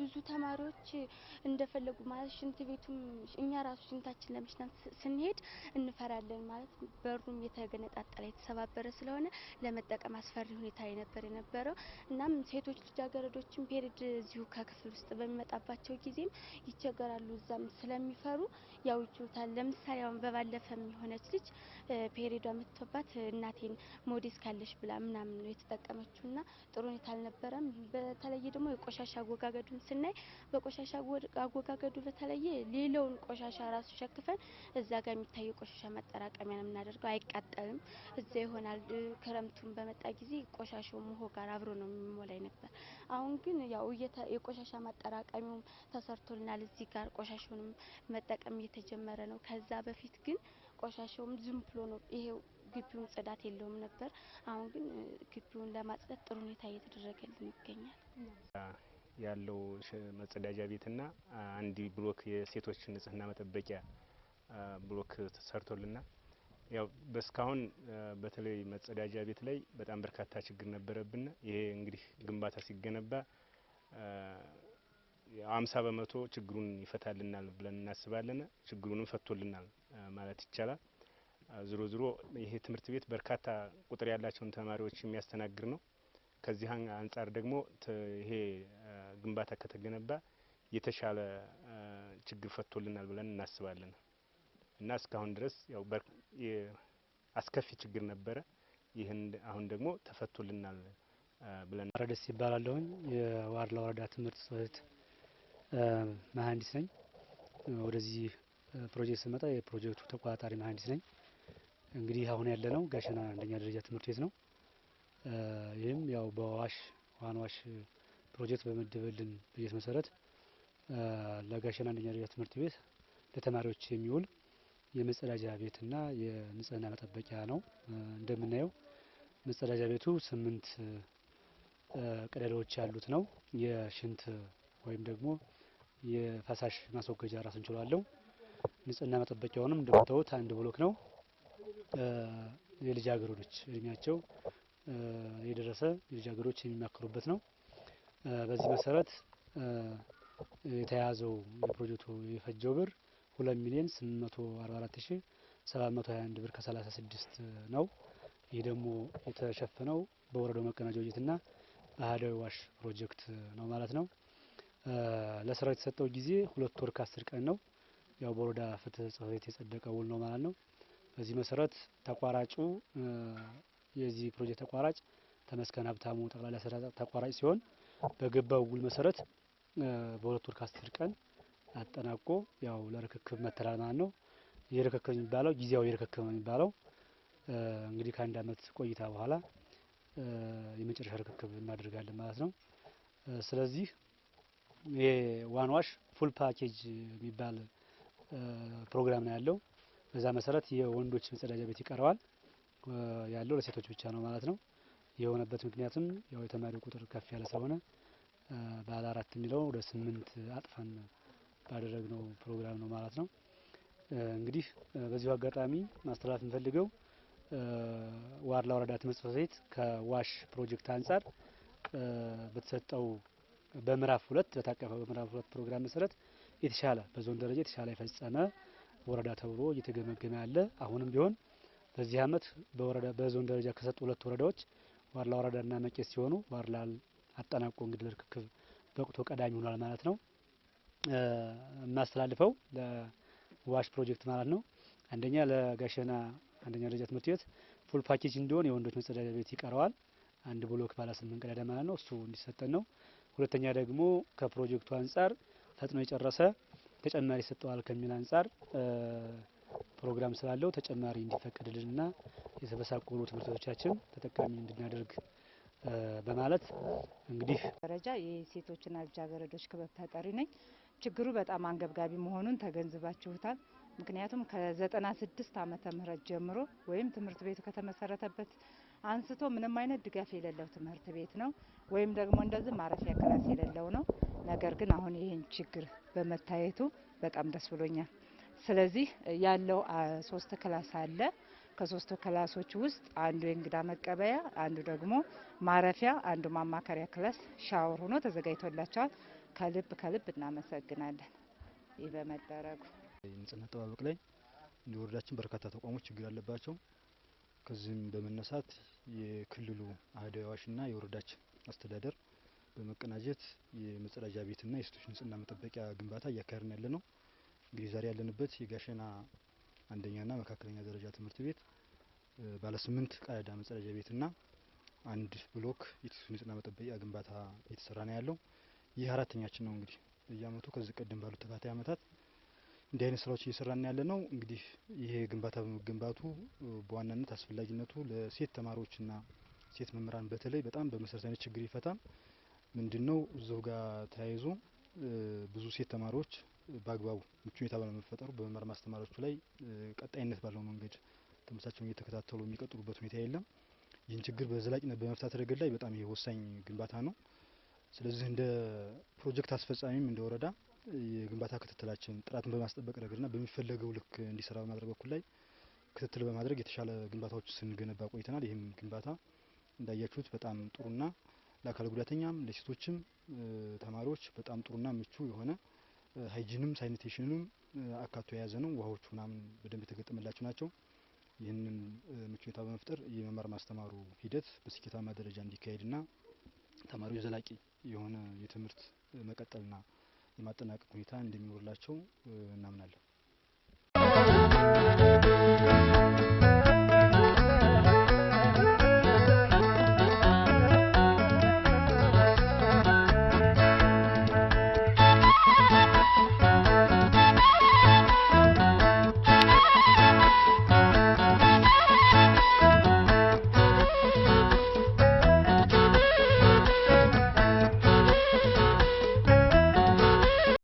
ብዙ ተማሪዎች እንደፈለጉ ማለት ሽንት ቤቱም እኛ ራሱ ሽንታችን ለመሽናት ስንሄድ እንፈራለን ማለት በሩም የተገነጣጠለ የተሰባበረ ስለሆነ ለመጠቀም አስፈሪ ሁኔታ የነበር የነበረው። እናም ሴቶች ልጃገረዶችን ፔሪድ እዚሁ ከክፍል ውስጥ በሚመጣባቸው ጊዜም ይቸገራሉ። እዛም ስለሚፈሩ ያው ይችሉታል። ለምሳሌ አሁን በባለፈም የሆነች ልጅ ፔሪዷ መጥቶባት እናቴን ሞዴስ ካለሽ ብላ ምናምን ነው የተጠቀመችው እና ጥሩ ሁኔታ አልነበረም። በተለይ ደግሞ የቆሻሻ አወጋገዱን ስናይ በቆሻሻ አወጋገዱ በተለየ ሌላውን ቆሻሻ ራሱ ሸክፈን እዛ ጋር የሚታየው ቆሻሻ ማጠራቀሚያ ነው የምናደርገው። አይቃጠልም፣ እዛ ይሆናል። ክረምቱን በመጣ ጊዜ ቆሻሻው ምሆ ጋር አብሮ ነው የሚሞላይ ነበር። አሁን ግን ያው የቆሻሻ ማጠራቀሚውም ተሰርቶልናል። እዚህ ጋር ቆሻሻውንም መጠቀም እየተጀመረ ነው። ከዛ በፊት ግን ቆሻሻውም ዝም ብሎ ነው ይሄው ግቢውን ጽዳት የለውም ነበር። አሁን ግን ግቢውን ለማጽዳት ጥሩ ሁኔታ እየተደረገልን ይገኛል። ያለው መጸዳጃ ቤትና አንድ ብሎክ የሴቶች ንጽህና መጠበቂያ ብሎክ ተሰርቶልናል። ያው በስካሁን በተለይ መጸዳጃ ቤት ላይ በጣም በርካታ ችግር ነበረብን። ይሄ እንግዲህ ግንባታ ሲገነባ አምሳ በመቶ ችግሩን ይፈታልናል ብለን እናስባለን። ችግሩንም ፈቶልናል ማለት ይቻላል። ዝሮ ዝሮ ይሄ ትምህርት ቤት በርካታ ቁጥር ያላቸውን ተማሪዎች የሚያስተናግድ ነው። ከዚህ አንጻር ደግሞ ይሄ ግንባታ ከተገነባ የተሻለ ችግር ፈቶልናል ብለን እናስባለን እና እስካሁን ድረስ ያው አስከፊ ችግር ነበረ። ይህን አሁን ደግሞ ተፈቶልናል ብለን ረደስ ይባላለሁኝ። የዋርላ ወረዳ ትምህርት ጽህፈት መሀንዲስ ነኝ። ወደዚህ ፕሮጀክት ስመጣ የፕሮጀክቱ ተቆጣጣሪ መሀንዲስ ነኝ። እንግዲህ አሁን ያለነው ጋሸና አንደኛ ደረጃ ትምህርት ቤት ነው። ይህም ያው በዋሽ ዋንዋሽ ፕሮጀክት በመደበልን በጀት መሰረት ለጋሸና አንደኛ ደረጃ ትምህርት ቤት ለተማሪዎች የሚውል የመጸዳጃ ቤትና የንጽህና መጠበቂያ ነው። እንደምናየው መጸዳጃ ቤቱ ስምንት ቀዳዳዎች ያሉት ነው። የሽንት ወይም ደግሞ የፈሳሽ ማስወገጃ ራሱን ችሎ አለው። ንጽህና መጠበቂያውንም እንደምታዩት አንድ ብሎክ ነው። የልጃገረዶች እድሜያቸው የደረሰ ልጃገረዶች የሚማከሩበት ነው። በዚህ መሰረት የተያዘው የፕሮጀክቱ የፈጀው ብር ሁለት ሚሊዮን ስምንት መቶ አርባ አራት ሺ ሰባት መቶ ሀያ አንድ ብር ከሰላሳ ስድስት ነው። ይህ ደግሞ የተሸፈነው በወረዳው መቀናጃ ና አህዳዊ ዋሽ ፕሮጀክት ነው ማለት ነው። ለስራው የተሰጠው ጊዜ ሁለት ወር ከአስር ቀን ነው። ያው በወረዳ ፍትህ ጽህፈት ቤት የጸደቀ ውል ነው ማለት ነው። በዚህ መሰረት ተቋራጩ የዚህ ፕሮጀክት ተቋራጭ ተመስገን ሀብታሙ ጠቅላላ ስራ ተቋራጭ ሲሆን በገባው ውል መሰረት በሁለት ወር ከአስር ቀን አጠናቆ ያው ለርክክብ መተላል ማለት ነው። ይህ ርክክብ የሚባለው ጊዜያዊ ርክክብ ነው የሚባለው። እንግዲህ ከአንድ አመት ቆይታ በኋላ የመጨረሻ ርክክብ እናደርጋለን ማለት ነው። ስለዚህ የዋን ዋሽ ፉል ፓኬጅ የሚባል ፕሮግራም ነው ያለው። በዛ መሰረት የወንዶች መጸዳጃ ቤት ይቀረዋል ያለው ለሴቶች ብቻ ነው ማለት ነው። የሆነበት ምክንያትም ያው የተማሪው ቁጥር ከፍ ያለ ስለሆነ ባለ አራት የሚለው ወደ ስምንት አጥፈን ባደረግነው ፕሮግራም ነው ማለት ነው። እንግዲህ በዚሁ አጋጣሚ ማስተላለፍ የምፈልገው ዋርላ ወረዳ ትምህርት ቤት ከዋሽ ፕሮጀክት አንጻር በተሰጠው በምዕራፍ ሁለት በታቀፈ በምዕራፍ ሁለት ፕሮግራም መሰረት የተሻለ በዞን ደረጃ የተሻለ የፈጸመ ወረዳ ተብሎ እየተገመገመ ያለ አሁንም ቢሆን በዚህ አመት በወረዳ በዞን ደረጃ ከሰጡ ሁለት ወረዳዎች ዋርላ ወረዳና መቄት ሲሆኑ ዋርላን አጠናቆ እንግዲህ ለርክክብ በቅቶ ቀዳሚ ሆኗል ማለት ነው። የማስተላልፈው ለዋሽ ፕሮጀክት ማለት ነው። አንደኛ ለጋሸና አንደኛ ደረጃ ትምህርት ቤት ፉል ፓኬጅ እንዲሆን የወንዶች መጸዳጃ ቤት ይቀረዋል። አንድ ብሎክ ባለ ስምንት ቀዳዳ ማለት ነው። እሱ እንዲሰጠን ነው። ሁለተኛ ደግሞ ከፕሮጀክቱ አንጻር ፈጥኖ የጨረሰ ተጨማሪ ይሰጠዋል ከሚል አንጻር ፕሮግራም ስላለው ተጨማሪ እንዲፈቀድልንና የተመሳቆሉ ትምህርቶቻችን ተጠቃሚ እንድናደርግ በማለት እንግዲህ ደረጃ የሴቶችና ልጃገረዶች ክበብ ተጠሪ ነኝ። ችግሩ በጣም አንገብጋቢ መሆኑን ተገንዝባችሁታል። ምክንያቱም ከዘጠና ስድስት ዓመተ ምህረት ጀምሮ ወይም ትምህርት ቤቱ ከተመሰረተበት አንስቶ ምንም አይነት ድጋፍ የሌለው ትምህርት ቤት ነው፣ ወይም ደግሞ እንደዚህ ማረፊያ ክላስ የሌለው ነው። ነገር ግን አሁን ይህን ችግር በመታየቱ በጣም ደስ ብሎኛል። ስለዚህ ያለው ሶስት ክላስ አለ ከሶስቱ ክላሶች ውስጥ አንዱ የእንግዳ መቀበያ፣ አንዱ ደግሞ ማረፊያ፣ አንዱ ማማከሪያ ክላስ ሻወር ሆኖ ተዘጋጅቶላቸዋል። ከልብ ከልብ እናመሰግናለን። ይህ በመደረጉ ንጽህና አጠባበቅ ላይ እንደ ወረዳችን በርካታ ተቋሞች ችግር አለባቸው። ከዚህም በመነሳት የክልሉ አህደ ዋሽና የወረዳችን አስተዳደር በመቀናጀት የመጸዳጃ ቤትና የሴቶች ንጽህና መጠበቂያ ግንባታ እያካሄድን ያለ ነው። እንግዲህ ዛሬ ያለንበት የጋሸና አንደኛና መካከለኛ ደረጃ ትምህርት ቤት ባለስምንት ቀዳዳ መጸዳጃ ቤትና አንድ ብሎክ ንጽህና መጠበቂያ ግንባታ እየተሰራ ነው ያለው። ይህ አራተኛችን ነው እንግዲህ በየአመቱ ከዚህ ቀደም ባሉት ተካታይ አመታት እንዲህ አይነት ስራዎች እየሰራን ያለ ነው። እንግዲህ ይሄ ግንባታ በመገንባቱ በዋናነት አስፈላጊነቱ ለሴት ተማሪዎችና ሴት መምህራን በተለይ በጣም በመሰረታዊ ችግር ይፈታል። ምንድን ነው እዚሁ ጋር ተያይዞ ብዙ ሴት ተማሪዎች በአግባቡ ምቹ ሁኔታ ባለመፈጠሩ በመማር ማስተማሪዎቹ ላይ ቀጣይነት ባለው መንገድ ትምህርታቸውን እየተከታተሉ የሚቀጥሉበት ሁኔታ የለም። ይህን ችግር በዘላቂነት በመፍታት ረገድ ላይ በጣም ይሄ ወሳኝ ግንባታ ነው። ስለዚህ እንደ ፕሮጀክት አስፈጻሚም እንደ ወረዳ የግንባታ ክትትላችን ጥራትን በማስጠበቅ ረገድና በሚፈለገው ልክ እንዲሰራ በማድረግ በኩል ላይ ክትትል በማድረግ የተሻለ ግንባታዎች ስንገነባ ቆይተናል። ይህም ግንባታ እንዳያችሁት በጣም ጥሩና ለአካል ጉዳተኛም ለሴቶችም ተማሪዎች በጣም ጥሩና ምቹ የሆነ ሀይጂንም ሳኒቴሽንም አካቶ የያዘ ነው። ውሃዎቹ ምናምን በደንብ የተገጠመላቸው ናቸው። ይህንን ምቹ ሁኔታ በመፍጠር የመማር ማስተማሩ ሂደት በስኬታማ ደረጃ እንዲካሄድና ተማሪዎች ዘላቂ የሆነ የትምህርት መቀጠልና የማጠናቀቅ ሁኔታ እንደሚኖርላቸው እናምናለን።